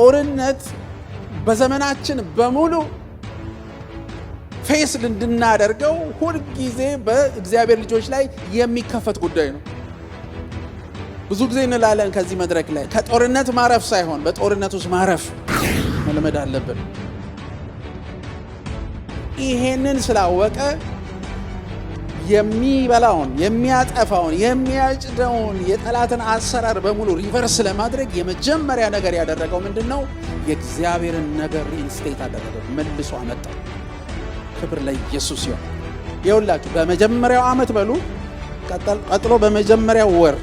ጦርነት በዘመናችን በሙሉ ፌስ እንድናደርገው ሁልጊዜ በእግዚአብሔር ልጆች ላይ የሚከፈት ጉዳይ ነው። ብዙ ጊዜ እንላለን ከዚህ መድረክ ላይ ከጦርነት ማረፍ ሳይሆን በጦርነት ውስጥ ማረፍ መልመድ አለብን። ይሄንን ስላወቀ የሚበላውን የሚያጠፋውን የሚያጭደውን የጠላትን አሰራር በሙሉ ሪቨርስ ለማድረግ የመጀመሪያ ነገር ያደረገው ምንድን ነው? የእግዚአብሔርን ነገር ኢንስቴት አደረገ፣ መልሶ አመጣ። ክብር ለኢየሱስ ይሁን። ይኸውላችሁ በመጀመሪያው ዓመት በሉ ቀጥሎ በመጀመሪያው ወር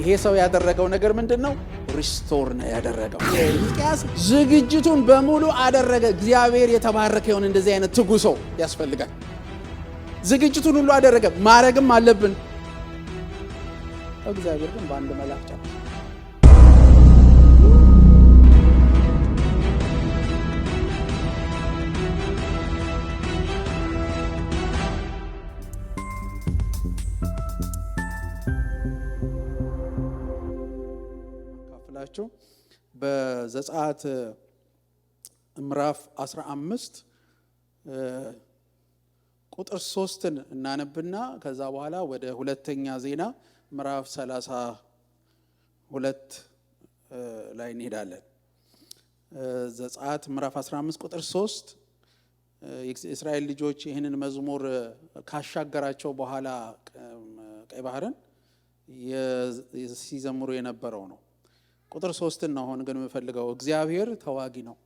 ይሄ ሰው ያደረገው ነገር ምንድን ነው? ሪስቶር ነው ያደረገው። ሚቅያስ ዝግጅቱን በሙሉ አደረገ። እግዚአብሔር የተባረከ ይሁን። እንደዚህ አይነት ትጉ ሰው ያስፈልጋል። ዝግጅቱን ሁሉ አደረገ። ማረግም አለብን። እግዚአብሔር ግን በአንድ መልአክ ጫ ካፍላቸው በዘጸአት ምዕራፍ 15 ቁጥር ሶስትን እናነብና ከዛ በኋላ ወደ ሁለተኛ ዜና ምዕራፍ ሰላሳ ሁለት ላይ እንሄዳለን። ዘጻት ምዕራፍ 15 ቁጥር 3 የእስራኤል ልጆች ይህንን መዝሙር ካሻገራቸው በኋላ ቀይ ባህርን ሲዘምሩ የነበረው ነው። ቁጥር ሶስትን ነው አሁን ግን የምፈልገው። እግዚአብሔር ተዋጊ ነው፣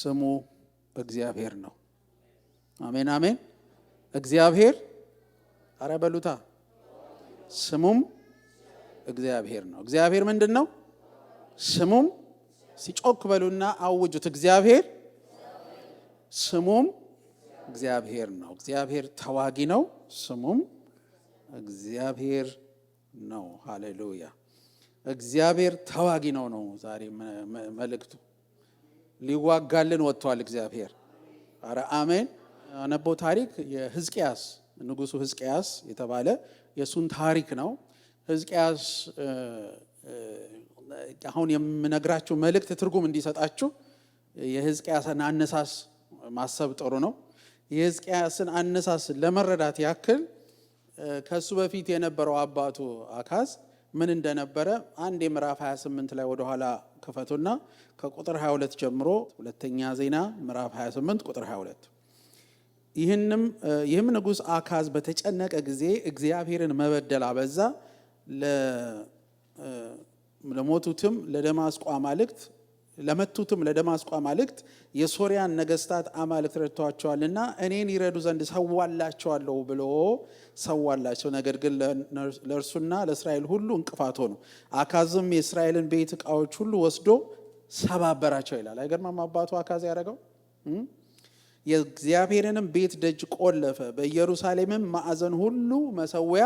ስሙ እግዚአብሔር ነው። አሜን አሜን። እግዚአብሔር አረ በሉታ ስሙም እግዚአብሔር ነው። እግዚአብሔር ምንድን ነው ስሙም? ሲጮክ በሉና አውጁት። እግዚአብሔር ስሙም እግዚአብሔር ነው። እግዚአብሔር ተዋጊ ነው፣ ስሙም እግዚአብሔር ነው። ሃሌሉያ! እግዚአብሔር ተዋጊ ነው ነው ዛሬ መልእክቱ። ሊዋጋልን ወጥቷል እግዚአብሔር። አረ አሜን። አነበው ታሪክ የህዝቅያስ ንጉሱ ህዝቅያስ የተባለ የእሱን ታሪክ ነው። ህዝቅያስ አሁን የምነግራችሁ መልእክት ትርጉም እንዲሰጣችሁ የህዝቅያስን አነሳስ ማሰብ ጥሩ ነው። የህዝቅያስን አነሳስ ለመረዳት ያክል ከሱ በፊት የነበረው አባቱ አካዝ ምን እንደነበረ አንድ የምዕራፍ 28 ላይ ወደኋላ ክፈቱና ከቁጥር 22 ጀምሮ ሁለተኛ ዜና ምዕራፍ 28 ቁጥር 22 ይህንም ይህም ንጉሥ አካዝ በተጨነቀ ጊዜ እግዚአብሔርን መበደል አበዛ። ለሞቱትም ለደማስቆ አማልክት ለመቱትም ለደማስቆ አማልክት የሶሪያን ነገስታት አማልክት ረድተዋቸዋልና እኔን ይረዱ ዘንድ ሰዋላቸዋለሁ ብሎ ሰዋላቸው። ነገር ግን ለእርሱና ለእስራኤል ሁሉ እንቅፋት ሆኑ። አካዝም የእስራኤልን ቤት እቃዎች ሁሉ ወስዶ ሰባበራቸው ይላል። አይገርማም አባቱ አካዝ ያደረገው የእግዚአብሔርንም ቤት ደጅ ቆለፈ። በኢየሩሳሌምም ማዕዘን ሁሉ መሰዊያ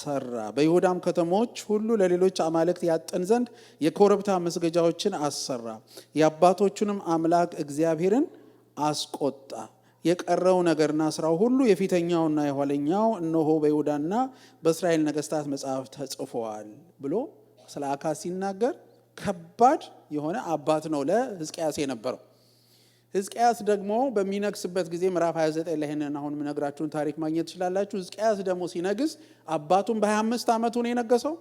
ሰራ። በይሁዳም ከተሞች ሁሉ ለሌሎች አማልክት ያጥን ዘንድ የኮረብታ መስገጃዎችን አሰራ። የአባቶቹንም አምላክ እግዚአብሔርን አስቆጣ። የቀረው ነገርና ስራው ሁሉ የፊተኛውና የኋለኛው እነሆ በይሁዳና በእስራኤል ነገስታት መጽሐፍ ተጽፈዋል ብሎ ስለ አካ ሲናገር ከባድ የሆነ አባት ነው ለህዝቅያስ የነበረው። ህዝቅያስ ደግሞ በሚነግስበት ጊዜ ምዕራፍ 29 ላይ ይህንን አሁን የምነግራችሁን ታሪክ ማግኘት ትችላላችሁ። ህዝቅያስ ደግሞ ሲነግስ አባቱም በ25 ዓመቱ ነው የነገሰው፣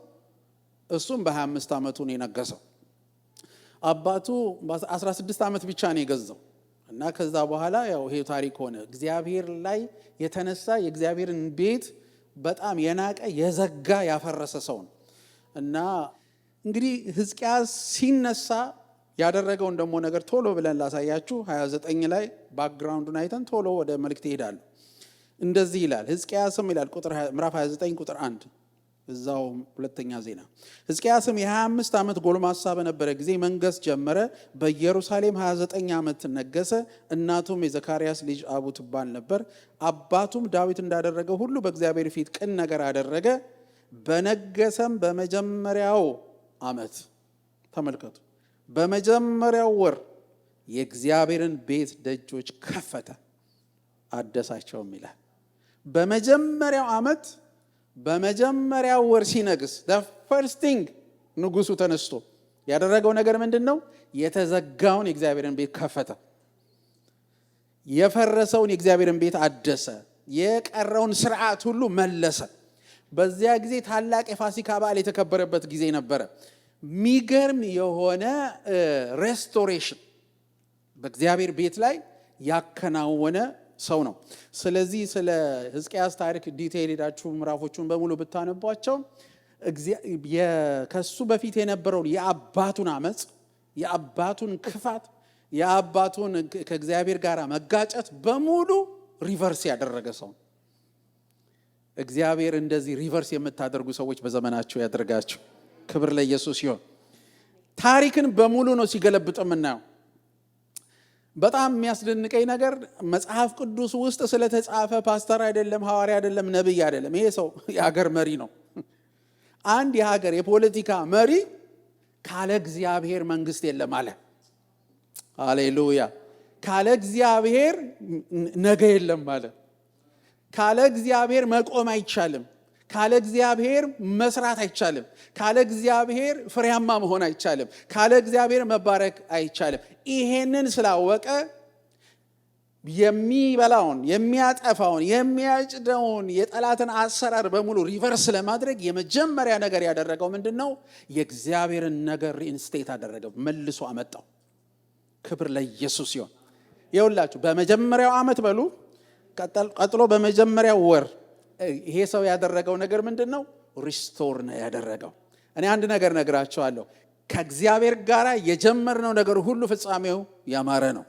እሱም በ25 ዓመቱ ነው የነገሰው። አባቱ በ16 ዓመት ብቻ ነው የገዛው እና ከዛ በኋላ ያው ይሄ ታሪክ ሆነ። እግዚአብሔር ላይ የተነሳ የእግዚአብሔርን ቤት በጣም የናቀ የዘጋ ያፈረሰ ሰው ነው እና እንግዲህ ህዝቅያስ ሲነሳ ያደረገውን ደግሞ ነገር ቶሎ ብለን ላሳያችሁ። 29 ላይ ባክግራውንዱን አይተን ቶሎ ወደ መልእክት ይሄዳሉ። እንደዚህ ይላል ህዝቅያስም ይላል ምዕራፍ 29 ቁጥር 1 እዛው ሁለተኛ ዜና ህዝቅያስም የ25 ዓመት ጎልማሳ በነበረ ጊዜ መንገስ ጀመረ። በኢየሩሳሌም 29 ዓመት ነገሰ። እናቱም የዘካርያስ ልጅ አቡ ትባል ነበር። አባቱም ዳዊት እንዳደረገ ሁሉ በእግዚአብሔር ፊት ቅን ነገር አደረገ። በነገሰም በመጀመሪያው ዓመት ተመልከቱ በመጀመሪያው ወር የእግዚአብሔርን ቤት ደጆች ከፈተ አደሳቸውም ይላል። በመጀመሪያው ዓመት በመጀመሪያው ወር ሲነግስ ፈርስቲንግ ንጉሱ ተነስቶ ያደረገው ነገር ምንድን ነው? የተዘጋውን የእግዚአብሔርን ቤት ከፈተ። የፈረሰውን የእግዚአብሔርን ቤት አደሰ። የቀረውን ስርዓት ሁሉ መለሰ። በዚያ ጊዜ ታላቅ የፋሲካ በዓል የተከበረበት ጊዜ ነበረ። ሚገርም የሆነ ሬስቶሬሽን በእግዚአብሔር ቤት ላይ ያከናወነ ሰው ነው። ስለዚህ ስለ ህዝቅያስ ታሪክ ዲቴይል ሄዳችሁ ምራፎቹን በሙሉ ብታነቧቸው ከሱ በፊት የነበረውን የአባቱን አመፅ፣ የአባቱን ክፋት፣ የአባቱን ከእግዚአብሔር ጋር መጋጨት በሙሉ ሪቨርስ ያደረገ ሰው እግዚአብሔር እንደዚህ ሪቨርስ የምታደርጉ ሰዎች በዘመናቸው ያደርጋቸው ክብር ለኢየሱስ ይሆን ታሪክን በሙሉ ነው ሲገለብጥ የምናየው። በጣም የሚያስደንቀኝ ነገር መጽሐፍ ቅዱስ ውስጥ ስለተጻፈ ፓስተር አይደለም፣ ሐዋር አይደለም፣ ነቢይ አይደለም። ይሄ ሰው የሀገር መሪ ነው። አንድ የሀገር የፖለቲካ መሪ ካለ እግዚአብሔር መንግስት የለም አለ። አሌሉያ። ካለ እግዚአብሔር ነገ የለም አለ። ካለ እግዚአብሔር መቆም አይቻልም። ካለ እግዚአብሔር መስራት አይቻልም። ካለ እግዚአብሔር ፍሬያማ መሆን አይቻልም። ካለ እግዚአብሔር መባረክ አይቻልም። ይሄንን ስላወቀ የሚበላውን የሚያጠፋውን የሚያጭደውን የጠላትን አሰራር በሙሉ ሪቨርስ ለማድረግ የመጀመሪያ ነገር ያደረገው ምንድን ነው? የእግዚአብሔርን ነገር ሪኢንስቴት አደረገው፣ መልሶ አመጣው። ክብር ለኢየሱስ ሲሆን የውላችሁ በመጀመሪያው ዓመት በሉ ቀጥሎ በመጀመሪያው ወር ይሄ ሰው ያደረገው ነገር ምንድን ነው? ሪስቶር ነው ያደረገው። እኔ አንድ ነገር ነግራቸዋለሁ። ከእግዚአብሔር ጋር የጀመርነው ነገር ሁሉ ፍጻሜው ያማረ ነው።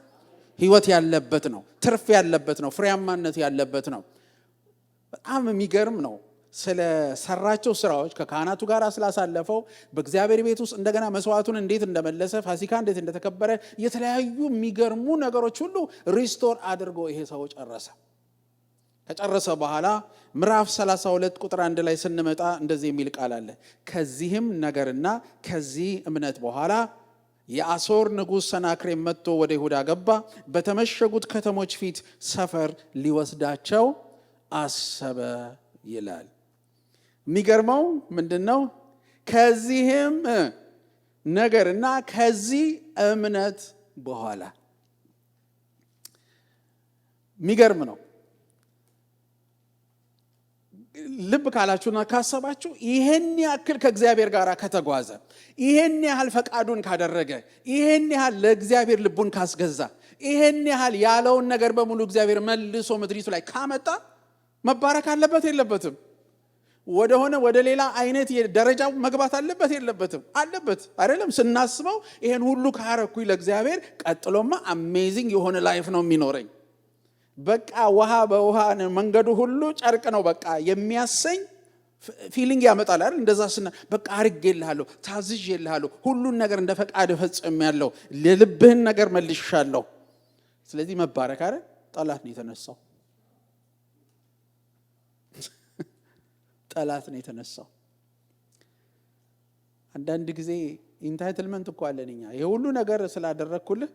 ህይወት ያለበት ነው። ትርፍ ያለበት ነው። ፍሬያማነት ያለበት ነው። በጣም የሚገርም ነው። ስለሰራቸው ስራዎች ከካህናቱ ጋር ስላሳለፈው በእግዚአብሔር ቤት ውስጥ እንደገና መስዋዕቱን እንዴት እንደመለሰ ፋሲካ እንዴት እንደተከበረ የተለያዩ የሚገርሙ ነገሮች ሁሉ ሪስቶር አድርጎ ይሄ ሰው ጨረሰ። ከጨረሰ በኋላ ምዕራፍ 32 ቁጥር አንድ ላይ ስንመጣ እንደዚህ የሚል ቃል አለ። ከዚህም ነገርና ከዚህ እምነት በኋላ የአሶር ንጉሥ ሰናክሬም መጥቶ ወደ ይሁዳ ገባ፣ በተመሸጉት ከተሞች ፊት ሰፈር ሊወስዳቸው አሰበ ይላል። የሚገርመው ምንድን ነው? ከዚህም ነገርና ከዚህ እምነት በኋላ የሚገርም ነው። ልብ ካላችሁና ካሰባችሁ ይህን ያክል ከእግዚአብሔር ጋር ከተጓዘ፣ ይህን ያህል ፈቃዱን ካደረገ፣ ይህን ያህል ለእግዚአብሔር ልቡን ካስገዛ፣ ይህን ያህል ያለውን ነገር በሙሉ እግዚአብሔር መልሶ ምድሪቱ ላይ ካመጣ መባረክ አለበት የለበትም? ወደሆነ ወደ ሌላ አይነት ደረጃ መግባት አለበት የለበትም? አለበት አይደለም? ስናስበው ይሄን ሁሉ ካረኩኝ ለእግዚአብሔር ቀጥሎማ አሜዚንግ የሆነ ላይፍ ነው የሚኖረኝ በቃ ውሃ በውሃ መንገዱ ሁሉ ጨርቅ ነው በቃ የሚያሰኝ ፊሊንግ ያመጣል አይደል? እንደዛ ስና በቃ አርግ የልሃለሁ ታዝዥ የልሃለሁ ሁሉን ነገር እንደ ፈቃድ እፈጽም ያለው የልብህን ነገር መልሻለሁ። ስለዚህ መባረክ አረ ጠላት ነው የተነሳው፣ ጠላት ነው የተነሳው። አንዳንድ ጊዜ ኢንታይትልመንት እኮ አለን እኛ ይሄ ሁሉ ነገር ስላደረግኩልህ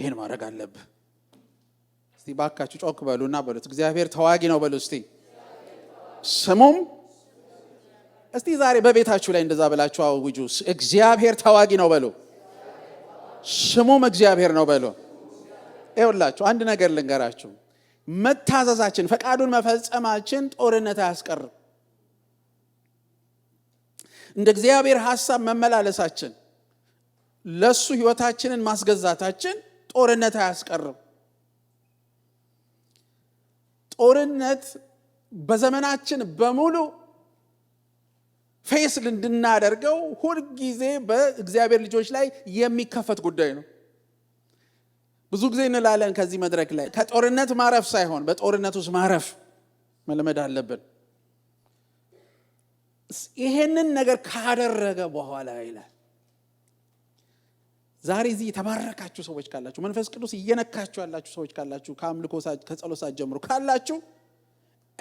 ይህን ማድረግ አለብ እስቲ ባካችሁ ጮክ በሉና በሉት፣ እግዚአብሔር ተዋጊ ነው በሉ እስቲ ስሙም። እስቲ ዛሬ በቤታችሁ ላይ እንደዛ ብላችሁ አውጁ፣ እግዚአብሔር ተዋጊ ነው በሉ፣ ስሙም እግዚአብሔር ነው በሉ። ይኸውላችሁ አንድ ነገር ልንገራችሁ፣ መታዘዛችን፣ ፈቃዱን መፈጸማችን ጦርነት አያስቀርም። እንደ እግዚአብሔር ሐሳብ መመላለሳችን፣ ለሱ ህይወታችንን ማስገዛታችን ጦርነት አያስቀርም። ጦርነት በዘመናችን በሙሉ ፌስ እንድናደርገው ሁልጊዜ በእግዚአብሔር ልጆች ላይ የሚከፈት ጉዳይ ነው። ብዙ ጊዜ እንላለን ከዚህ መድረክ ላይ ከጦርነት ማረፍ ሳይሆን በጦርነት ውስጥ ማረፍ መልመድ አለብን። ይሄንን ነገር ካደረገ በኋላ ይላል ዛሬ እዚህ የተባረካችሁ ሰዎች ካላችሁ መንፈስ ቅዱስ እየነካችሁ ያላችሁ ሰዎች ካላችሁ ከአምልኮ ከጸሎት ሰዓት ጀምሮ ካላችሁ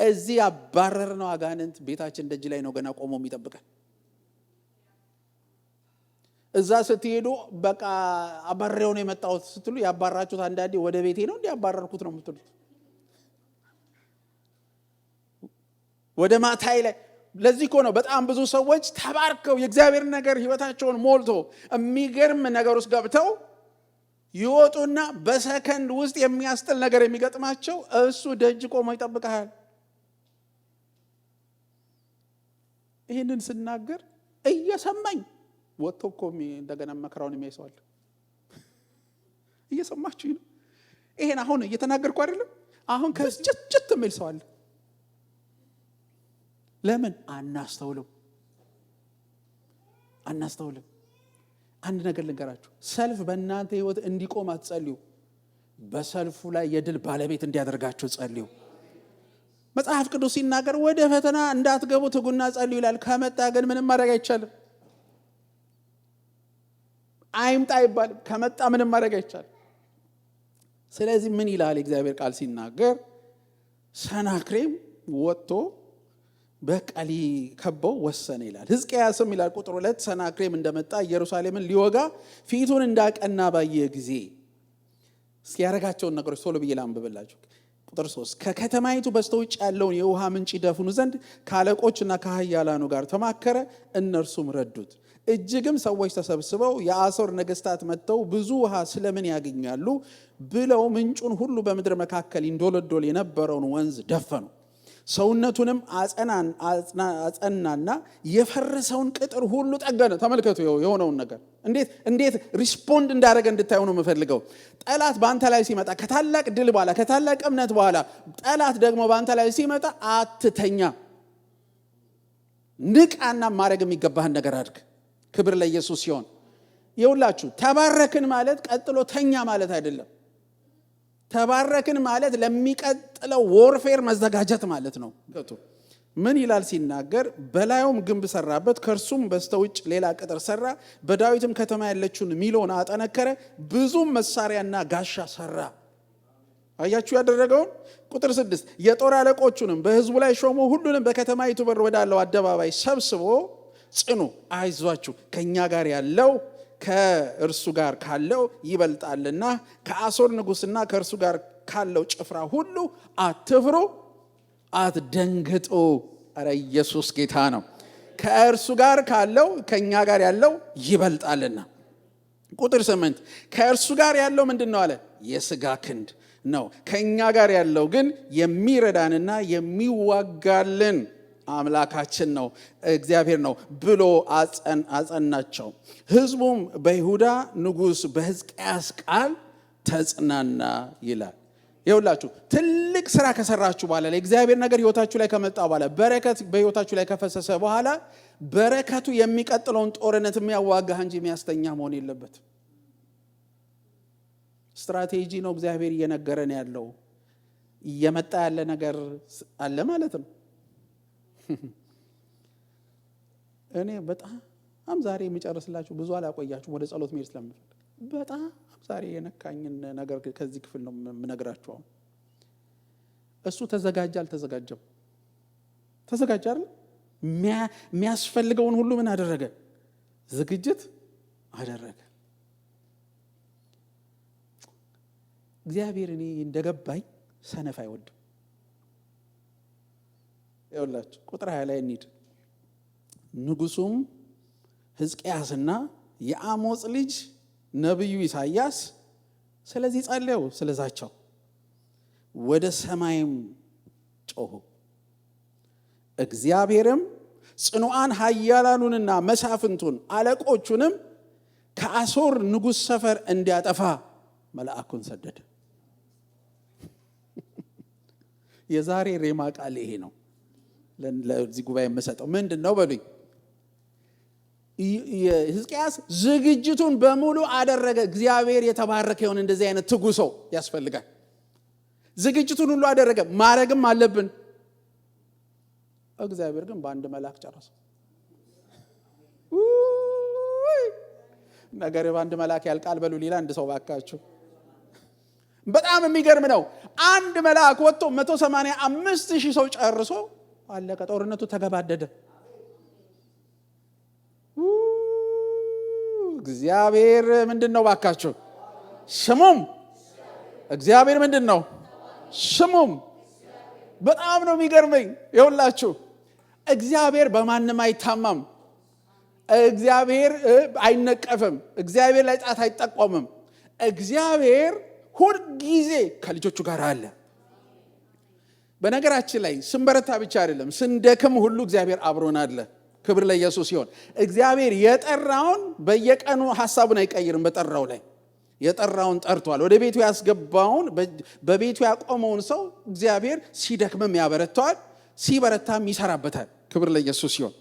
እዚህ ያባረርነው አጋንንት ቤታችን ደጅ ላይ ነው ገና ቆሞ የሚጠብቀን። እዛ ስትሄዱ በቃ አባሬው ነው የመጣሁት ስትሉ ያባራችሁት አንዳንዴ ወደ ቤቴ ነው እንዲያባረርኩት ነው የምትሉት ወደ ማታይ ላይ ለዚህ እኮ ነው በጣም ብዙ ሰዎች ተባርከው የእግዚአብሔር ነገር ህይወታቸውን ሞልቶ የሚገርም ነገር ውስጥ ገብተው ይወጡና በሰከንድ ውስጥ የሚያስጥል ነገር የሚገጥማቸው እሱ ደጅ ቆሞ ይጠብቀሃል። ይህንን ስናገር እየሰማኝ ወጥቶ እኮ እንደገና መከራውን የሚያይሰዋል። እየሰማችሁ ነው? ይሄን አሁን እየተናገርኩ አይደለም። አሁን ከስጭትጭት የሚል ሰዋል ለምን አናስተውልም? አናስተውልም። አንድ ነገር ልንገራችሁ፣ ሰልፍ በእናንተ ህይወት እንዲቆም አትጸልዩ፣ በሰልፉ ላይ የድል ባለቤት እንዲያደርጋችሁ ጸልዩ። መጽሐፍ ቅዱስ ሲናገር ወደ ፈተና እንዳትገቡ ትጉና ጸልዩ ይላል። ከመጣ ግን ምንም ማድረግ አይቻልም። አይምጣ ይባል ከመጣ ምንም ማድረግ አይቻልም። ስለዚህ ምን ይላል እግዚአብሔር ቃል ሲናገር ሰናክሬም ወጥቶ በቃሊ ከበው ወሰነ ይላል። ህዝቅያስም ይላል ቁጥር ሁለት ሰናክሬም እንደመጣ ኢየሩሳሌምን ሊወጋ ፊቱን እንዳቀና ባየ ጊዜ እስኪ ነገሮች ቶሎ ብዬ ላንብብላችሁ። ቁጥር ሶስት ከከተማይቱ በስተውጭ ያለውን የውሃ ምንጭ ደፍኑ ዘንድ ከአለቆችና ከሀያላኑ ጋር ተማከረ፣ እነርሱም ረዱት። እጅግም ሰዎች ተሰብስበው የአሶር ነገስታት መጥተው ብዙ ውሃ ስለምን ያገኛሉ ብለው ምንጩን ሁሉ በምድር መካከል ይንዶለዶል የነበረውን ወንዝ ደፈኑ። ሰውነቱንም አጸናና የፈረሰውን ቅጥር ሁሉ ጠገነ። ተመልከቱ የሆነውን ነገር እንዴት እንዴት ሪስፖንድ እንዳደረገ እንድታዩ ነው የምፈልገው። ጠላት በአንተ ላይ ሲመጣ ከታላቅ ድል በኋላ ከታላቅ እምነት በኋላ ጠላት ደግሞ በአንተ ላይ ሲመጣ አትተኛ፣ ንቃና ማድረግ የሚገባህን ነገር አድርግ። ክብር ለኢየሱስ ሲሆን የውላችሁ ተባረክን ማለት ቀጥሎ ተኛ ማለት አይደለም። ተባረክን ማለት ለሚቀጥለው ወርፌር መዘጋጀት ማለት ነው። ምን ይላል ሲናገር፣ በላዩም ግንብ ሰራበት፣ ከእርሱም በስተ ውጭ ሌላ ቅጥር ሰራ። በዳዊትም ከተማ ያለችውን ሚሎን አጠነከረ፣ ብዙም መሳሪያና ጋሻ ሰራ። አያችሁ ያደረገውን። ቁጥር ስድስት የጦር አለቆቹንም በህዝቡ ላይ ሾሞ ሁሉንም በከተማይቱ በር ወዳለው አደባባይ ሰብስቦ ጽኑ፣ አይዟችሁ ከእኛ ጋር ያለው ከእርሱ ጋር ካለው ይበልጣልና ከአሶር ንጉሥና ከእርሱ ጋር ካለው ጭፍራ ሁሉ አትፍሩ፣ አትደንግጡ። እረ ኢየሱስ ጌታ ነው። ከእርሱ ጋር ካለው ከእኛ ጋር ያለው ይበልጣልና። ቁጥር ስምንት ከእርሱ ጋር ያለው ምንድን ነው አለ? የስጋ ክንድ ነው። ከእኛ ጋር ያለው ግን የሚረዳንና የሚዋጋልን አምላካችን ነው እግዚአብሔር ነው ብሎ አጸናቸው። ህዝቡም በይሁዳ ንጉሥ በሕዝቅያስ ቃል ተጽናና ይላል። ይሁላችሁ ትልቅ ስራ ከሰራችሁ በኋላ እግዚአብሔር ነገር ህይወታችሁ ላይ ከመጣ በኋላ በረከት በህይወታችሁ ላይ ከፈሰሰ በኋላ በረከቱ የሚቀጥለውን ጦርነት የሚያዋጋህ እንጂ የሚያስተኛ መሆን የለበትም። ስትራቴጂ ነው እግዚአብሔር እየነገረን ያለው። እየመጣ ያለ ነገር አለ ማለት ነው። እኔ በጣም ዛሬ የሚጨርስላችሁ ብዙ አላቆያችሁም። ወደ ጸሎት መሄድ ስለምፈልግ በጣም ዛሬ የነካኝን ነገር ከዚህ ክፍል ነው የምነግራችሁ። አሁን እሱ ተዘጋጀ አልተዘጋጀም? ተዘጋጀ አይደል? የሚያስፈልገውን ሁሉ ምን አደረገ? ዝግጅት አደረገ። እግዚአብሔር እኔ እንደገባኝ ሰነፍ አይወድም። ይኸውላችሁ ቁጥር ሀያ ላይ እንሂድ። ንጉሱም ሕዝቅያስና የአሞፅ ልጅ ነቢዩ ኢሳያስ ስለዚህ ጸለዩ፣ ስለዛቸው ወደ ሰማይም ጮሁ። እግዚአብሔርም ጽኑዓን ሀያላኑንና መሳፍንቱን አለቆቹንም ከአሶር ንጉሥ ሰፈር እንዲያጠፋ መልአኩን ሰደደ። የዛሬ ሬማ ቃል ይሄ ነው። ለዚህ ጉባኤ የምሰጠው ምንድን ነው በሉኝ። ህዝቅያስ ዝግጅቱን በሙሉ አደረገ። እግዚአብሔር የተባረከ የሆነ እንደዚህ አይነት ትጉ ሰው ያስፈልጋል። ዝግጅቱን ሁሉ አደረገ፣ ማድረግም አለብን። እግዚአብሔር ግን በአንድ መልአክ ጨረሰ። ነገር በአንድ መልአክ ያልቃል። በሉ ሌላ አንድ ሰው ባካችሁ። በጣም የሚገርም ነው። አንድ መልአክ ወጥቶ መቶ ሺህ ሰው ጨርሶ አለቀ። ጦርነቱ ተገባደደ። እግዚአብሔር ምንድን ነው ባካችሁ? ስሙም እግዚአብሔር ምንድን ነው ስሙም። በጣም ነው የሚገርመኝ። ይኸውላችሁ እግዚአብሔር በማንም አይታማም። እግዚአብሔር አይነቀፍም። እግዚአብሔር ላይ ጣት አይጠቆምም። እግዚአብሔር ሁልጊዜ ከልጆቹ ጋር አለ። በነገራችን ላይ ስንበረታ ብቻ አይደለም፣ ስንደክም ሁሉ እግዚአብሔር አብሮን አለ። ክብር ለኢየሱስ ሲሆን እግዚአብሔር የጠራውን በየቀኑ ሀሳቡን አይቀይርም። በጠራው ላይ የጠራውን ጠርቷል። ወደ ቤቱ ያስገባውን በቤቱ ያቆመውን ሰው እግዚአብሔር ሲደክምም ያበረተዋል ሲበረታም ይሰራበታል። ክብር ለኢየሱስ ሲሆን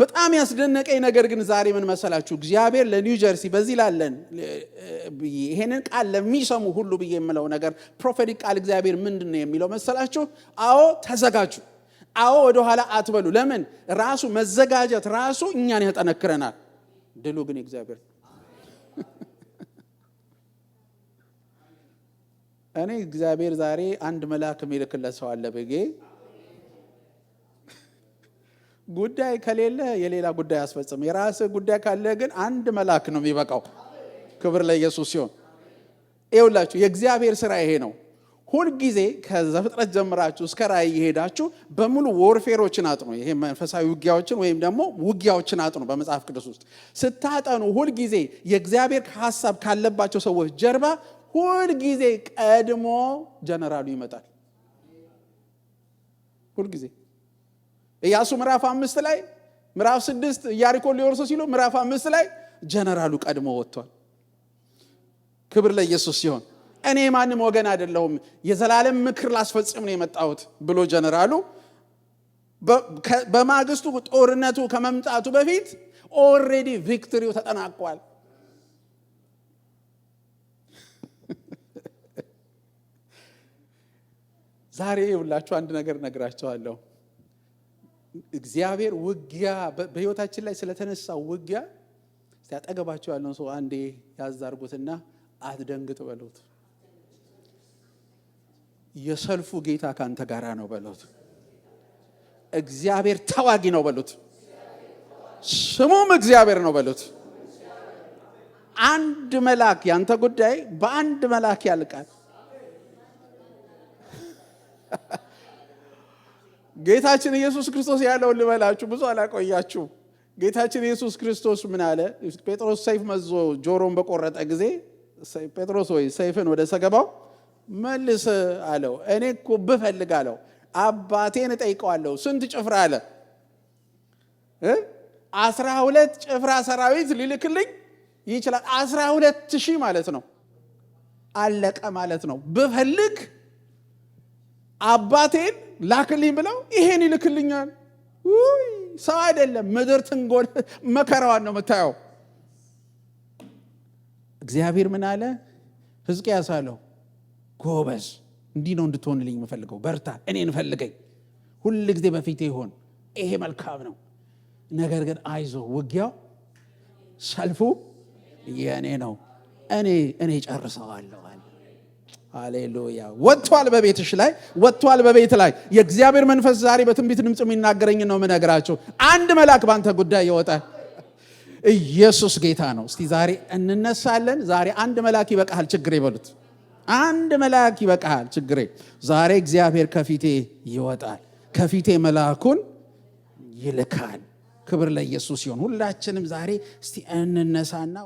በጣም ያስደነቀኝ ነገር ግን ዛሬ ምን መሰላችሁ? እግዚአብሔር ለኒው ጀርሲ በዚህ ላለን ይሄንን ቃል ለሚሰሙ ሁሉ ብዬ የምለው ነገር ፕሮፌቲክ ቃል እግዚአብሔር ምንድን ነው የሚለው መሰላችሁ? አዎ ተዘጋጁ፣ አዎ ወደኋላ አትበሉ። ለምን ራሱ መዘጋጀት ራሱ እኛን ያጠነክረናል። ድሉ ግን እግዚአብሔር እኔ እግዚአብሔር ዛሬ አንድ መልአክ የሚልክለት ሰው አለ ብዬ ጉዳይ ከሌለ የሌላ ጉዳይ አስፈጽም። የራስህ ጉዳይ ካለ ግን አንድ መልአክ ነው የሚበቃው። ክብር ለኢየሱስ ሲሆን ይውላችሁ የእግዚአብሔር ስራ ይሄ ነው። ሁልጊዜ ከዘፍጥረት ጀምራችሁ እስከ ራእይ እየሄዳችሁ በሙሉ ወርፌሮችን አጥኑ። ይሄ መንፈሳዊ ውጊያዎችን ወይም ደግሞ ውጊያዎችን አጥኑ። በመጽሐፍ ቅዱስ ውስጥ ስታጠኑ ሁልጊዜ የእግዚአብሔር ሀሳብ ካለባቸው ሰዎች ጀርባ ሁልጊዜ ቀድሞ ጀነራሉ ይመጣል። ሁልጊዜ ኢያሱ ምዕራፍ አምስት ላይ ምዕራፍ ስድስት ኢያሪኮን ሊወርሱ ሲሉ ምዕራፍ አምስት ላይ ጀነራሉ ቀድሞ ወጥቷል። ክብር ለኢየሱስ ሲሆን እኔ ማንም ወገን አይደለሁም የዘላለም ምክር ላስፈጽም ነው የመጣሁት ብሎ ጀነራሉ በማግስቱ ጦርነቱ ከመምጣቱ በፊት ኦልሬዲ ቪክትሪው ተጠናቋል። ዛሬ ይውላችሁ አንድ ነገር ነግራቸዋለሁ። እግዚአብሔር ውጊያ በህይወታችን ላይ ስለተነሳ ውጊያ ሲያጠገባቸው ያለውን ሰው አንዴ ያዛርጉትና አትደንግጥ በሉት። የሰልፉ ጌታ ካንተ ጋር ነው በሉት። እግዚአብሔር ተዋጊ ነው በሉት። ስሙም እግዚአብሔር ነው በሉት። አንድ መልአክ ያንተ ጉዳይ በአንድ መልአክ ያልቃል። ጌታችን ኢየሱስ ክርስቶስ ያለውን ልበላችሁ፣ ብዙ አላቆያችሁ። ጌታችን ኢየሱስ ክርስቶስ ምን አለ? ጴጥሮስ ሰይፍ መዞ ጆሮን በቆረጠ ጊዜ ጴጥሮስ ወይ ሰይፍን ወደ ሰገባው መልስ አለው። እኔ እኮ ብፈልግ አለው አባቴን እጠይቀዋለሁ። ስንት ጭፍራ አለ? አስራ ሁለት ጭፍራ ሰራዊት ሊልክልኝ ይችላል። አስራ ሁለት ሺህ ማለት ነው። አለቀ ማለት ነው። ብፈልግ አባቴን ላክልኝ ብለው ይሄን ይልክልኛል። ውይ ሰው አይደለም ምድር ትንጎል መከራዋን ነው የምታየው። እግዚአብሔር ምን አለ ሕዝቅያስ አለው፣ ጎበዝ እንዲህ ነው እንድትሆንልኝ የምፈልገው። በርታ፣ እኔ እንፈልገኝ፣ ሁል ጊዜ በፊቴ ይሆን። ይሄ መልካም ነው። ነገር ግን አይዞ፣ ውጊያው ሰልፉ የእኔ ነው፣ እኔ እኔ ጨርሰዋለሁ አለ አሌሉያ ወጥቷል። በቤትሽ ላይ ወጥቷል። በቤት ላይ የእግዚአብሔር መንፈስ ዛሬ በትንቢት ድምፅ የሚናገረኝ ነው የምነግራቸው። አንድ መልአክ በአንተ ጉዳይ ይወጣል። ኢየሱስ ጌታ ነው። እስቲ ዛሬ እንነሳለን። ዛሬ አንድ መልአክ ይበቃሃል ችግሬ፣ በሉት አንድ መልአክ ይበቃሃል ችግሬ። ዛሬ እግዚአብሔር ከፊቴ ይወጣል፣ ከፊቴ መልአኩን ይልካል። ክብር ለኢየሱስ ይሁን። ሁላችንም ዛሬ እስቲ እንነሳና